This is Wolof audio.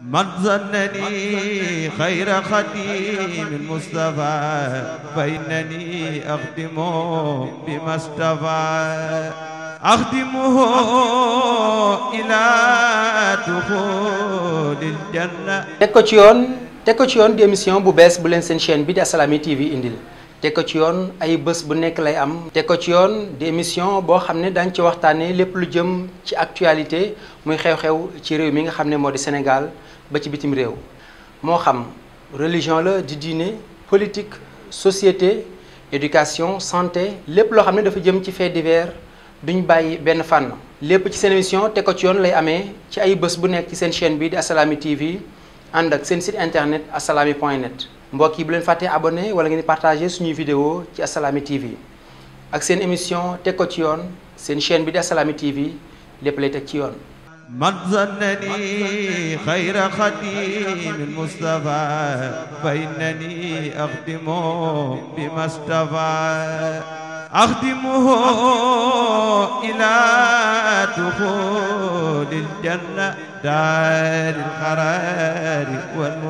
من ظنني خير خديم المصطفى فإنني أخدمه بما اصطفى أخدمه إلى دخول الجنة teg ko ci yoon teg ko ci yoon di émission bu bees bu leen seen chaîne bi di Assalaamy TV indil te ko ci yoon ay bés bu nekk lay am te ko ci yoon di émission boo xam ne daañ ci waxtaanee lépp lu jëm ci actualité muy xew-xew ci réew mi nga xam ne moo di Sénégal ba ci bitim réew moo xam religion la di diine politique société éducation santé lépp loo xam ne dafa jëm ci fait divers duñ bàyyi benn fànn lépp ci seen émission te ko ci yoon lay amee ci ay bés bu nekk ci seen chaîne bi di Assalaamy TV ànd ak seen site internet asalaami point net mbokk yi bu leen fàttee abonné wala ngeen di partagé suñuy video ci asalaami tv ak seen émission teg ko ci yoon seen chaîne bi di asalaami tv lépp lay teg ci yoon man zannani xayra xadimin mustafa fa innani axdimu bi دخول الجنة دار القرار والمنى